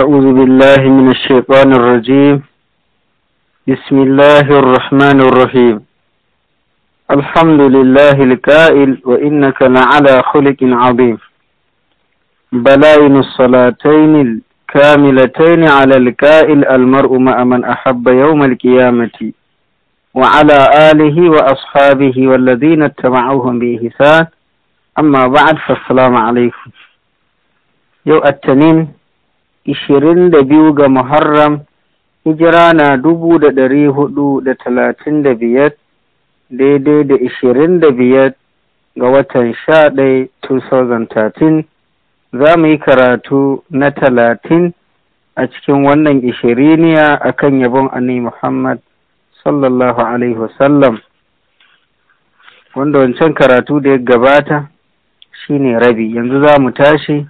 أعوذ بالله من الشيطان الرجيم بسم الله الرحمن الرحيم الحمد لله الكائل وإنك لعلى خلق عظيم بلائن الصلاتين الكاملتين على الكائل المرء مع من أحب يوم القيامة وعلى آله وأصحابه والذين اتبعوهم بإحسان أما بعد فالسلام عليكم يو التنين ishirin da biyu ga Muharram hijira na dubu da ɗari hudu da talatin da biyar daidai da ishirin da biyar ga watan sha ɗai 2013 za mu yi karatu na talatin a cikin wannan ishiriniya a kan yabon ani Muhammad sallallahu alaihi wasallam wanda wancan karatu da ya gabata shi ne rabi yanzu za mu tashi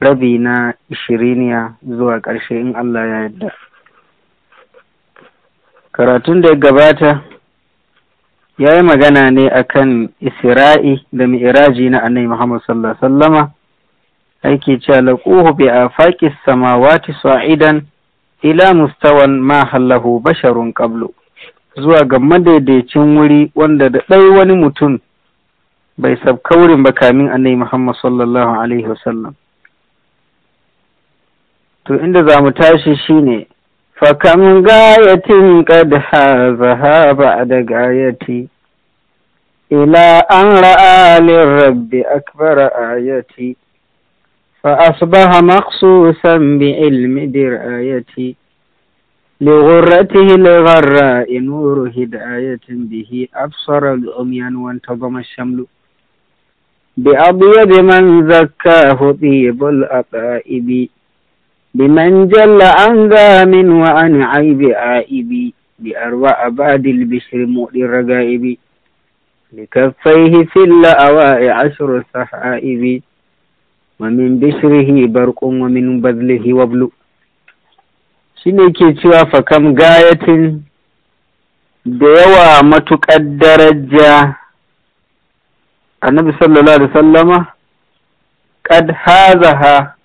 rabi na ishiriniya zuwa ƙarshe in Allah ya yadda. Karatun da ya gabata ya yi magana ne akan Isra'i da Mi'iraji na Annabi Muhammad sallallahu Wasallama, aiki cewa laquhu bi afaqis samawati sa'idan ila mustawan ma hallahu basharun qablu zuwa ga madaidaicin wuri wanda da ɗai wani mutum bai sabkaurin ba kamin Annabi Muhammad sallallahu alaihi wasallam. to inda za mu tashi shi ne, Fakam gayatin kada ha za ha ba a da gayati, ila an ra’alin rabbi a kabar ayati, fa a su ba ha maksu san bi ilmi dir ayati, lagorratihi lagorra in wuru hida ayatin bihi afsaral omiyan wanta goma shamlu. Bi abu yadda man zaka hudu ibi بمن جل عن ذام وعن عيب عائب بأروى أباد البشر مؤل الرقائب لكفيه في الأواء عشر الصحائب ومن بشره برق ومن بذله وبل shine ke cewa fakam gayatin da yawa matuƙar daraja annabi sallallahu alaihi sallama kad hazaha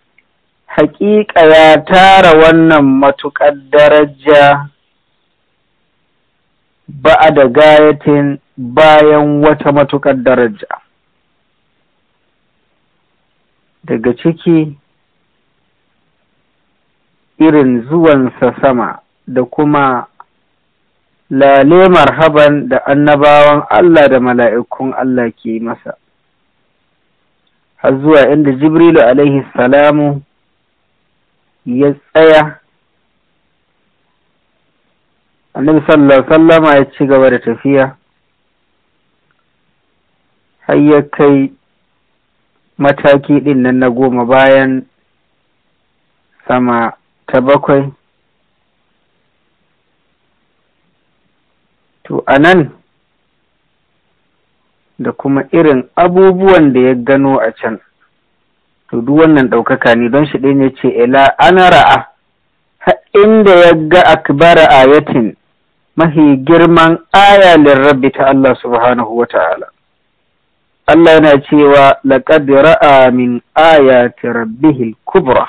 haƙiƙa ya tara wannan matuƙar daraja ba a da gayatin bayan wata matuƙar daraja daga ciki irin zuwansa sama da kuma lale marhaban da annabawan Allah da mala'ikun Allah ke masa har zuwa inda Jibrilu alaihi salamu ya tsaya annabi sallallahu sallama ya ci gaba da tafiya har ya kai mataki ɗin nan na goma bayan sama ta bakwai to a nan da kuma irin abubuwan da ya gano a can to duk wannan ɗaukaka ne don shi ɗin ya ce ila ana ra'a inda ya ga akbara ayatin mahi girman aya rabbi ta Allah subhanahu wa ta'ala Allah yana cewa laqad ra'a min ayati al kubra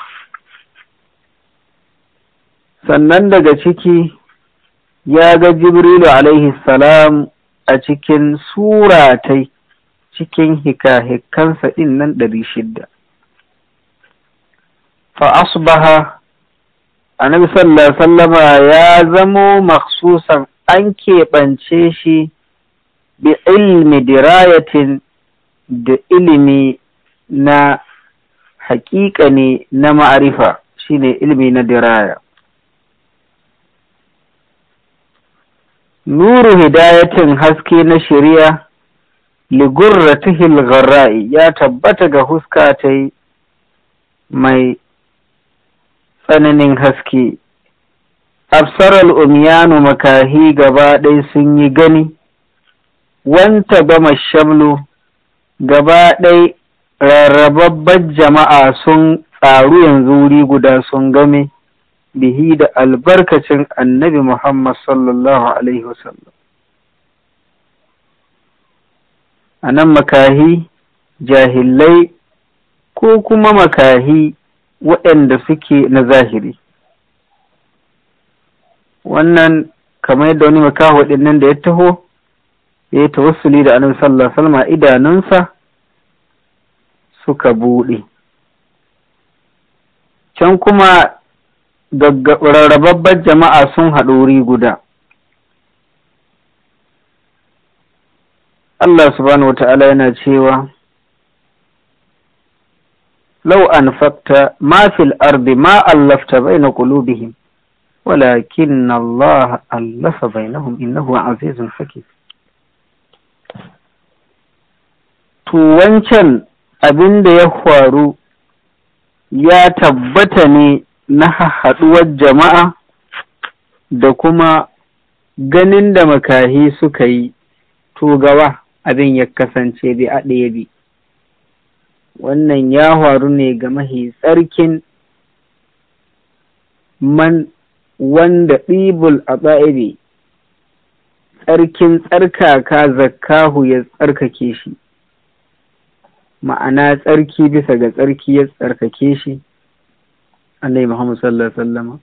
sannan daga ciki ya ga Jibrilu alaihi salam a cikin suratai cikin hika-hikansa din nan ɗari shidda. fa asbaha annabi sallallahu sallama ya zamo maksusan an keɓance shi bi ilmi dirayatin da ilimi na haƙiƙa ne na ma'arifa shine ilimi na diraya nuru hidayatin haske na shari'a ligurratihil gharra'i ya tabbata ga huska ta mai tsananin haske absaral umyanu makahi gaba ɗaya sun yi gani wanta gama shamlo gaba ɗaya rarrababban jama'a sun tsaru yanzu wuri guda sun game bihi da albarkacin annabi Muhammad sallallahu Alaihi wasallam. A nan makahi, jahillai ko kuma makahi waɗanda suke na zahiri wannan kamar yadda wani makaho nan da ya taho ya yi tawassuli da annabi sallah, salma idanunsa suka buɗe can kuma rarrababbar jama'a sun haɗu wuri guda Allah subhanahu wa ta'ala yana cewa لو أنفقت ما في الأرض ما ألفت بين قلوبهم ولكن الله ألف بينهم إنه عزيز حكيم wancan abin da ya faru ya tabbata ne na haɗuwar jama'a da kuma ganin da makahi suka yi to gawa abin ya kasance bi a ɗaya bi wannan ya faru ne ga mahi tsarkin man wanda ɗibul a ba'ibi tsarkin tsarkaka Zakahu ya tsarkake shi ma'ana tsarki bisa ga tsarki ya tsarkake shi annai muhammad sallallahu alaihi wasallama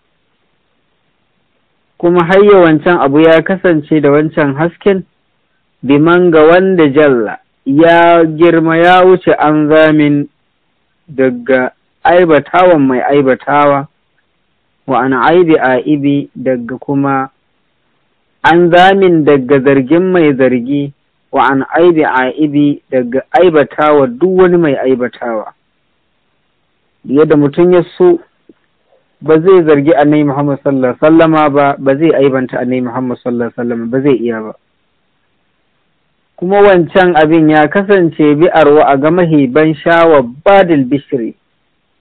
kuma hayya wancan abu ya kasance da wancan hasken biman ga wanda jalla ya girma ya wuce an zamin daga aibatawan mai aibatawa wa an aibi a ibi daga kuma an zamin daga zargin mai zargi wa an aibi a ibi daga aibatawa duk wani mai aibatawa yadda mutum ya so ba zai zargi nai Muhammad sallallahu alaihi wasallama ba ba zai aibanta nai Muhammad sallallahu alaihi wasallama ba zai iya ba kuma wancan abin ya kasance bi a ga mahiban shawa badil bishri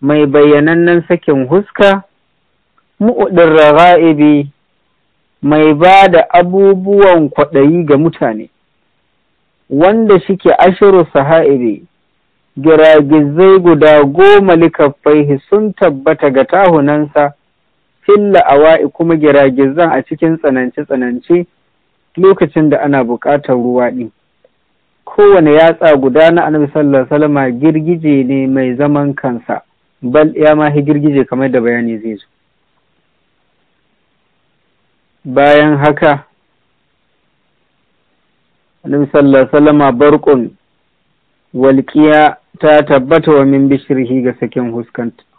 mai bayyanannen sakin huska mu'udin raga'ibi mai ba da abubuwan kwaɗayi ga mutane wanda shike ashiru saha'ibi giragizai guda goma likafai sun tabbata ga tahunansa filla awa'i kuma giragizan a cikin tsanance-tsanance, lokacin da ana buƙatar ruwa ɗin. kowane yatsa guda na annabi sallallahu alaihi wasallam girgije ne mai zaman kansa bal ya ma girgije kamar da bayani zai zo bayan haka annabi sallallahu alaihi wasallam barkun walƙiya ta tabbata wa min bishrihi ga sakin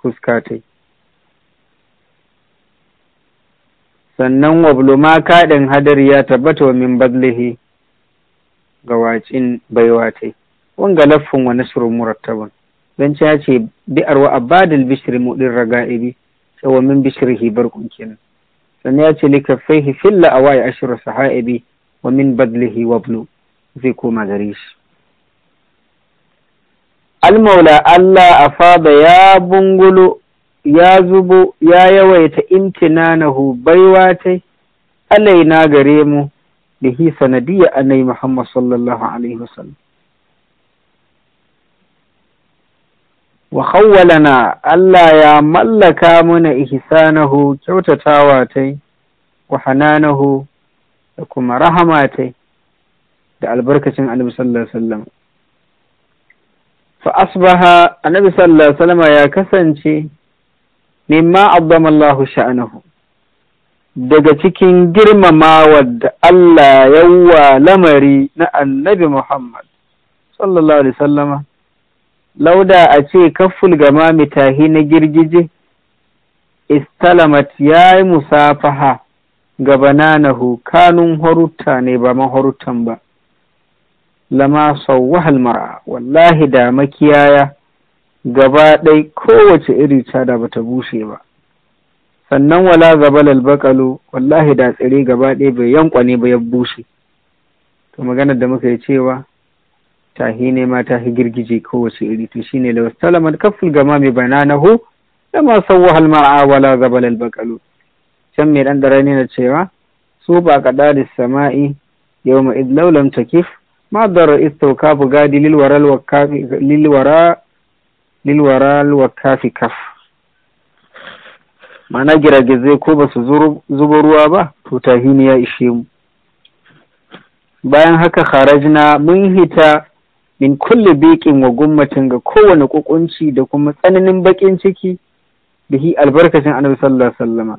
huskatai sannan wablo ma kaɗin hadari ya tabbata wa min badlihi ga wacin baiwa yi. wanga laffin wa nasrun murattabin Danci ya ce bi'ar wa abadil bishri mudin raga sai wa min bishrihi barkun kenan sannan ya ce likaffaihi filla awai ashru ibi wa min badlihi wablu zai koma gare shi almaula Allah a fada ya bungulo ya zubo ya yawaita imtinanahu baiwa tai alaina gare mu da hi sanadiyya annai Muhammad sallallahu alaihi wasallam wa khawwalana Allah ya mallaka mana ihsanahu kyautatawa tai wa hananahu da kuma rahama tai da albarkacin annabi sallallahu alaihi wasallam fa asbaha annabi sallallahu alaihi wasallam ya kasance mimma addama Allah sha'anahu daga cikin girmamawa da Allah yawwa lamari na annabi Muhammad sallallahu alaihi sallama lauda a ce kaful gama mitahi na girgije istalamat ya yi musafaha ga bananahu kanun horuta ne ba mahorutan ba lama sau mara wallahi da makiyaya gaba ɗai kowace iri ta da bata bushe ba sannan wala zabalal bakalu wallahi da tsire gaba ɗaya bai ne ba ya bushe to maganar da muka yi cewa tahi ne ma tahi girgije kowace iri to shi ne lawas talaman kafin gama mai bana na hu da ma sauwahal wala zabalal bakalu can mai ɗan dare ne na cewa su ba ɗari sama'i yau ma idlaulam ta kif ma dara isto kafu gadi lilwara lilwara lilwara kaf ma'ana giragizai ko ba su zuba ruwa ba to tahini ya ishe mu bayan haka kharajna mun hita min kulle beƙin wa gummatin ga kowane kukunci da kuma tsananin baƙin ciki da hi albarkacin annabi sallallahu alaihi wasallama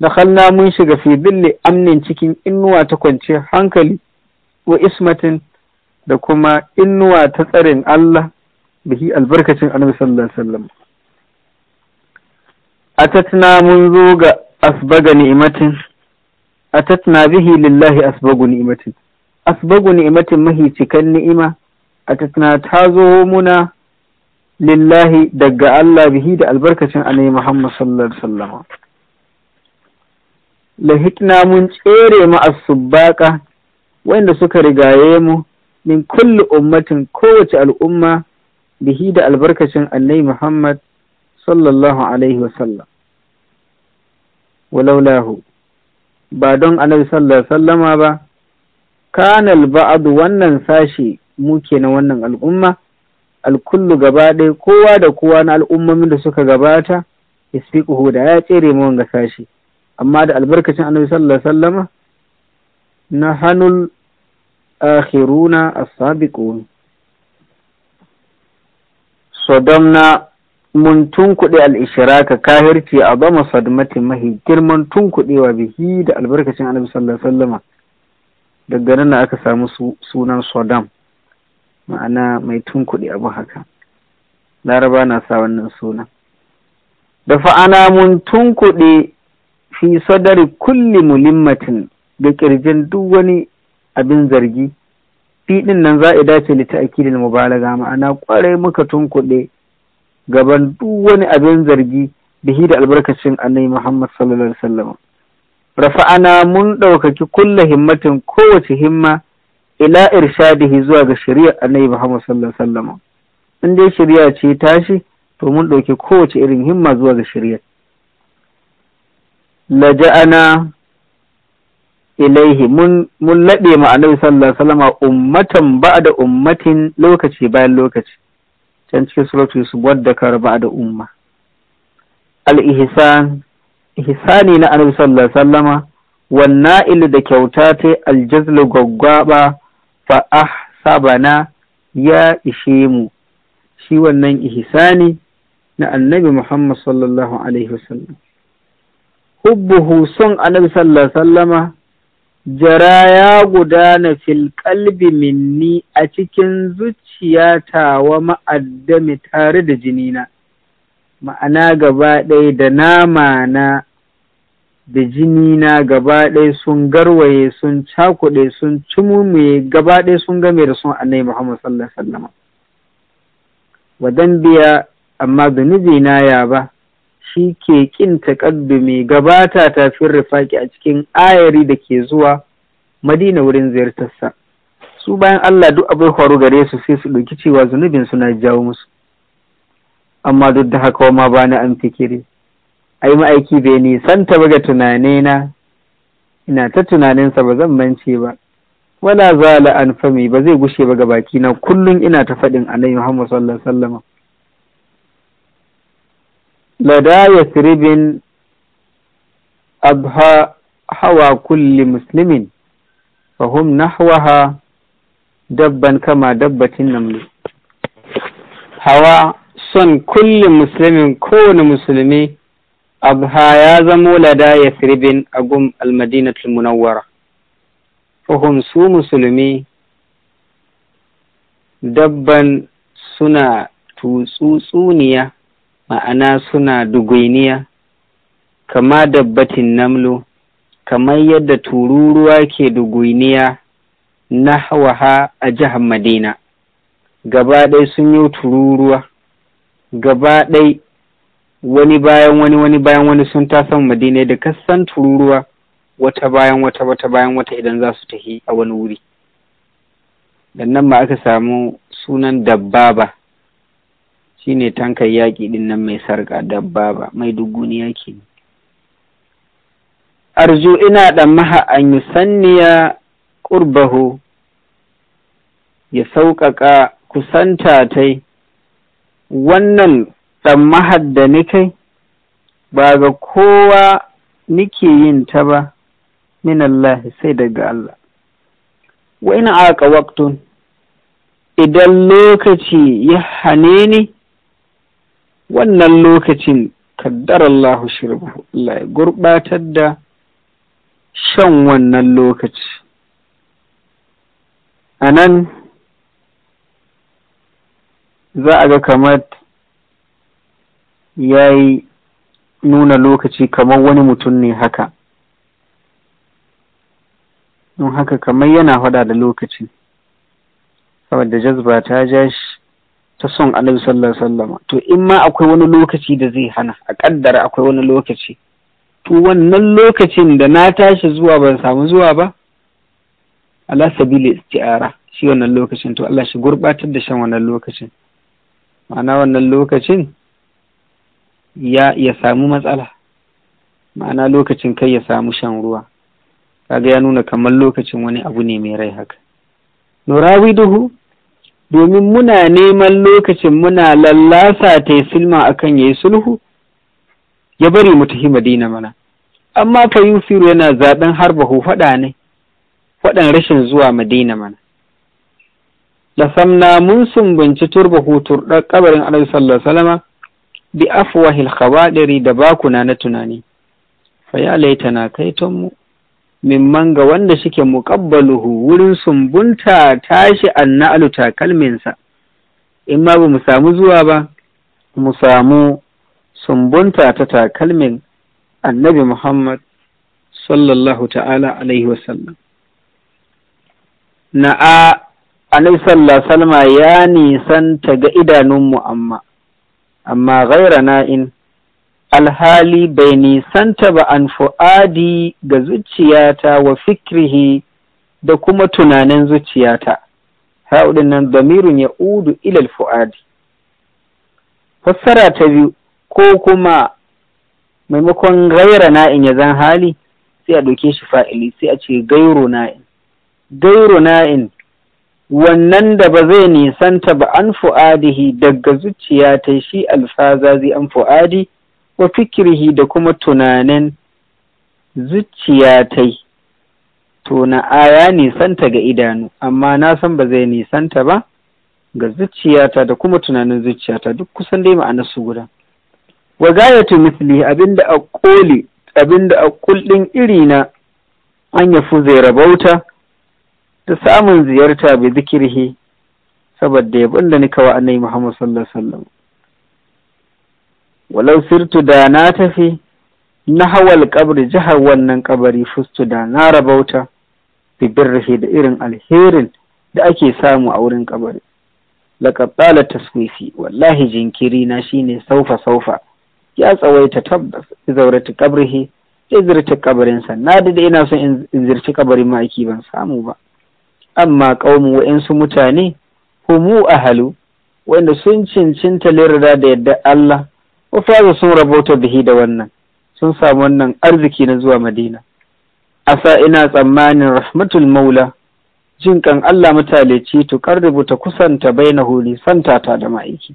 dakhalna mun shiga fi billi amnin cikin inuwa ta kwance hankali wa ismatin da kuma inuwa ta tsarin Allah bihi albarkacin annabi sallallahu alaihi wasallam atatna mun zo ga asbaga ni'imatin atatna bihi lillahi asbagu ni'imatin asbagu ni'imatin mahi cikan ni'ima atatna ta zo muna lillahi daga Allah bihi da albarkacin annabi Muhammad sallallahu alaihi wasallam lahitna mun tsere mu asubaka wanda suka rigaye mu min kulli ummatin kowace al'umma bihi da albarkacin annabi Muhammad sallallahu alaihi wasallam walaulahu ba don annabi sallallahu ba kanal ba'adu wannan sashi muke na wannan al'umma alkullu gaba ɗaya kowa da kowa na al'ummomin da suka gabata isfiquhu da ya tsere mu wanga sashi amma da albarkacin annabi sallallahu alaihi wasallama na hanul akhiruna as-sabiqun sodomna mun tunkuɗe al'ishiraka kahirci a zama sadmati mahi girman tunkuɗewa bihi da albarkacin annabi sallallahu alaihi wasallama daga nan aka samu sunan sodam ma'ana mai tunkuɗe abu haka laraba na sa wannan sunan da fa'ana mun tunkuɗe fi sadari kulli mulimmatin da ƙirjin duk wani abin zargi fi nan za a dace da ta'akilin mubalaga ma'ana kwarai muka tunkuɗe gaban duk wani abin zargi bihi da albarkacin annabi Muhammad sallallahu alaihi wasallam rafa'ana mun ɗaukaki kulla himmatin kowace himma ila irshadihi zuwa ga shari'a annabi Muhammad sallallahu alaihi wasallam in dai shari'a ce tashi to mun ɗauki kowace irin himma zuwa ga shari'a laja'ana ilaihi mun laɓe ma annabi sallallahu alaihi wasallam ummatan ba'da ummatin lokaci bayan lokaci can cikin suratu yusuf wadda ka raba da umma al-ihsan ihsani na annabi sallallahu alaihi wasallama wanna ilu da kyauta ta aljazlu gwaggwaba fa ahsabana ya ishe mu shi wannan ihsani na annabi muhammad sallallahu alaihi wasallam hubbuhu son annabi sallallahu alaihi wasallama Jara ya gudana fil kalbi minni a cikin zuciyata wa ma'addami tare da jinina, ma'ana gaba ɗaya da nama na da jinina gaba ɗaya sun garwaye sun cakuɗe sun cimumuye gaba ɗaya sun game da sun annai Muhammad sallallahu alaihi wasallam. Wa biya amma na ya ba, shi ke ƙin taƙaddumi gabata tafin rifaki a cikin ayari da ke zuwa madina wurin ziyartarsa su bayan Allah duk abin faru gare su sai su ɗauki cewa zunubin suna jawo musu amma duk da haka ma ba ni an fikiri ai ma'aiki bai nisan ta ga tunanena ina ta tunaninsa ba zan mance ba wala zala an fami ba zai gushe ba ga baki na kullum ina ta faɗin annabi Muhammad sallallahu alaihi wasallam لدى يثرب أبهى هوى كل مسلم فهم نحوها dabban kama dabbatin namlu hawa son kulli musulmin kowane musulmi abha ya zamo lada ya firbin a almadinatul munawwara fahim su musulmi dabban suna tutsutsuniya ma'ana suna dugwiniya kama dabbatin namlo kamar yadda tururuwa ke dugwiniya na hawaha a jihar madina gaba ɗai sun yi tururuwa gaba ɗai wani bayan wani wani bayan wani sun tasan madina da kasan tururuwa wata bayan wata wata bayan wata idan za su tafi a wani wuri nan ma aka samu sunan dabbaba shi ne tankar yaƙi ɗin nan mai sarƙa dabbaba mai duguniya ke arzu ina ɗan maha an yi sanniya ƙurbaho ya sauƙaƙa kusanta tatai wannan ɗan mahad da ni kai ba ga kowa nike yin ta ba min Allah sai daga Allah wa ina aka waktun idan lokaci ya hane ni wannan lokacin kaddarallahu shirbahu Allah ya gurbatar da shan wannan lokaci a nan za a ga kamar ya yi nuna lokaci kamar wani mutum ne haka don haka kamar yana hada da lokaci saboda jazba ta jashi. ta son annabi sallallahu alaihi to in ma akwai wani lokaci da zai hana a kaddara akwai wani lokaci to wannan lokacin da na tashi zuwa ban samu zuwa ba ala sabili isti'ara shi wannan lokacin to Allah shi gurbatar da shan wannan lokacin ma'ana wannan lokacin ya samu matsala ma'ana lokacin kai ya samu shan ruwa kaga ya nuna kamar lokacin wani abu ne mai rai haka nurawi duhu domin muna neman lokacin muna lallasa ta yi silma ya yi sulhu ya bari mu tafi madina mana amma yi firu yana har bahu faɗa ne faɗan rashin zuwa madina mana da samna mun sumbunci turbahu ɗan ƙabarin alaihi sallallahu alaihi bi afwahil khawadiri da bakuna na tunani fa ya laitana na mu mimman ga wanda suke muƙabbaluhu wurin sumbunta tashi anna'alu takalminsa in ma ba mu samu zuwa ba mu samu sumbunta ta takalmin annabi muhammad sallallahu ta'ala alaihi wasallam na'a annabi sallallahu salma ya nisan ta ga idanunmu amma amma gairana in. alhali bai nisanta ba an fu'adi ga zuciyata wa fikrihi da kuma tunanin zuciyata haɗin nan damirin ya udu ilal fu'adi fassara ta biyu ko kuma maimakon gaira na'in ya zan hali sai a ɗauke shi fa'ili sai a ce gairo na'in gairo na'in wannan da ba zai nisanta ba an fu'adihi daga zuciya ta shi alfaza zai an fu'adi wa fikirhi da kuma tunanin zuciya ta yi to na aya nisanta ga idanu amma na san ba zai nisanta ba ga zuciyata da kuma tunanin zuciyata duk kusan dai ma'ana su guda wa gayatu misli abinda a koli abinda a kullin iri na an ya zai rabauta da samun ziyarta bai zikirhi saboda yabon da ni kawa annai Muhammad sallallahu alaihi walau sirtu da na tafi na hawal kabri jihar wannan kabari fustu da na rabauta bibirrihi da irin alherin da ake samu a wurin kabari laƙaɓɓala taswifi wallahi jinkiri na shine saufa saufa ya tsawaita tabbas zaurata kabrihi zai kabarin kabarinsa na da ina son in zirci kabarin ma'aiki ban samu ba amma wa wa'insu mutane humu ahalu wanda sun cincinta lirda da yadda Allah wa sun rabota bihi da wannan sun samu wannan arziki na zuwa madina asa ina tsammanin rahmatul maula jin kan Allah mutaleci to karribu ta kusanta baina huli santa ta da ma'aiki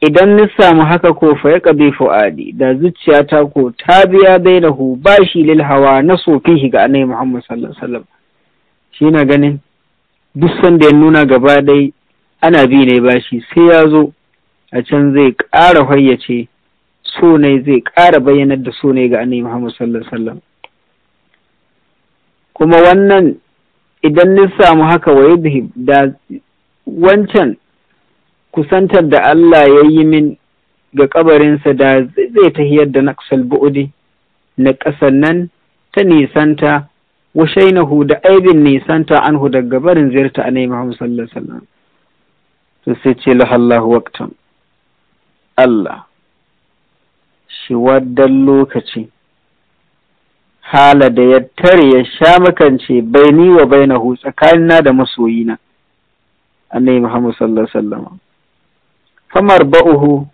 idan ni samu haka ko fa ya kabe fu'adi da zuciyata ko ta biya bainahu bashi lil hawa na sofihi ga annabi Muhammad sallallahu alaihi wasallam shi na ganin duk sanda ya nuna gaba dai ana bi ne bashi sai ya zo a can zai ƙara hayyace so zai ƙara bayyanar da so na ga annabi Muhammad sallallahu alaihi wasallam kuma wannan idan ni samu haka wa da wancan kusantar da Allah ya yi min ga kabarinsa da zai tahiyar da naqsal bu'udi na ƙasar nan ta nisanta wa shainahu da aibin nisanta anhu daga barin ziyarta annabi Muhammad sallallahu alaihi wasallam to sai ce lahallahu waqtan Allah shi waddan lokaci hala da ya tare ya sha makance baini wa bainahu tsakanina da masoyina annabi Muhammad sallallahu sallama. Kamar ba'uhu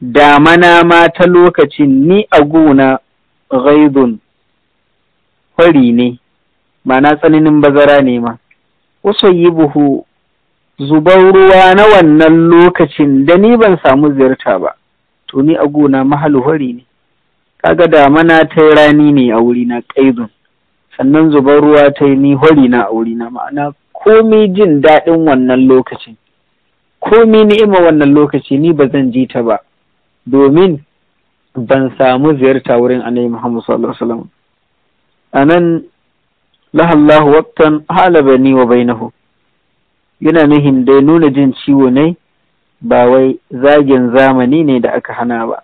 damana ma ta lokacin ni a gona ghaidun kwari ne ma'ana tsananin bazara ne ma wasu yi buhu zuban ruwa na wannan lokacin da ni ban samu ziyarta ba to ni a gona mahaluhari ne kaga mana ta rani ne a wurina ƙaidun sannan zuban ruwa ta yi ni hori na a wurina ma'ana komi jin daɗin wannan lokacin komi ni'ima wannan lokaci ni ba zan ji ta ba domin ban samu ziyarta wurin annabi Muhammad sallallahu alaihi wasallam anan lahallahu waqtan wa bainahu yana nuhin dai nuna jin ciwo ne ba wai zagin zamani ne da aka hana ba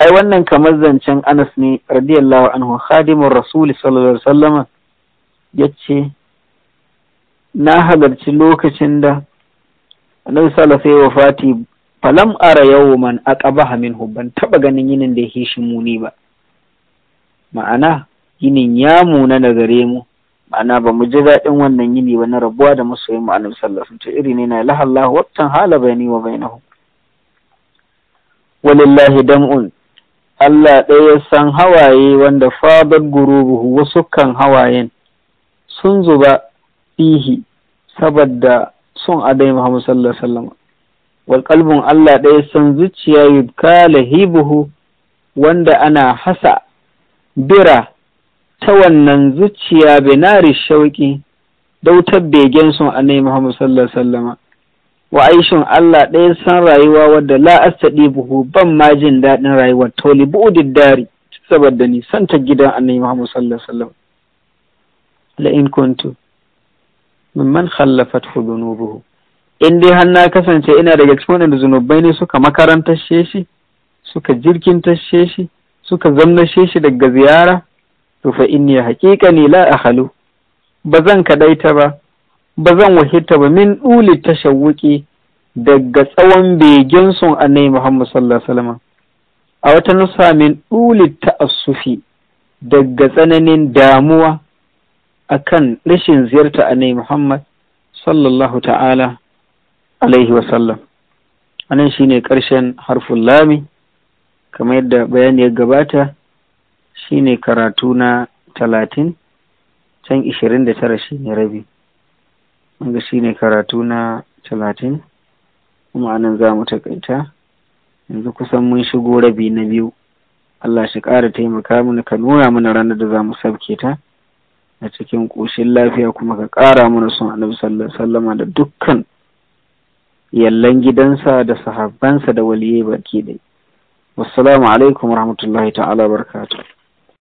ai wannan kamar zancen Anas ne radiyallahu anhu khadimur rasul sallallahu alaihi Ya yace na halarci lokacin da Annabi sallallahu alaihi wafati falam ara yawman aqabaha minhu ban taɓa ganin yinin da yake shi muni ba ma'ana yinin ya muna na gare mu ma'ana ba mu ji daɗin wannan yini ba na rabuwa da masoyin mu annabi sallallahu alaihi iri ne na lahallah wattan hala bayani wa bainahu walillahi dam'un Allah ɗaya san hawaye wanda fadar gurubuhu wasu kan hawayen sun zuba fihi saboda sun adai Muhammad sallallahu alaihi wal kalbun Allah ɗaya san zuciya yubka Hibuhu wanda ana hasa bira ta wannan zuciya binari shauƙi da wutar begen sun annabi Muhammad sallallahu alaihi wasallama wa aishin Allah ɗaya san rayuwa wadda la astadi buhu ban ma jin daɗin rayuwar toli bu'udid dari saboda ni santa gidan annabi Muhammad sallallahu alaihi wasallam la in kuntu mimman khallafat hudunubuhu in dai har na kasance ina daga cikin waɗanda zunubai ne suka makarantar shi suka jirkin tashe shi suka zamnashe shi daga ziyara to fa inni haqiqani la ahalu ba zan kadaita ba ba zan wahita ba min duli wuƙi daga tsawon begen sun annabi Muhammad sallallahu alaihi wasallam a wata nusa min duli ta'assufi daga tsananin damuwa akan rashin ziyarta annabi Muhammad sallallahu ta'ala alaihi wasallam anan shine ƙarshen harfin lami kamar yadda bayani ya gabata shi ne karatu na talatin can ishirin da tara shi ne rabi wanda shi ne karatu na talatin kuma anan za mu takaita yanzu kusan mun shigo rabi na biyu Allah shi ƙara taimaka mana ka nuna mana ranar da za mu sabke ta a cikin ƙoshin lafiya kuma ka ƙara mana son annabi sallama da dukkan yallan gidansa da sahabbansa da waliyai baki dai wassalamu alaikum rahmatullahi ta'ala barkatu.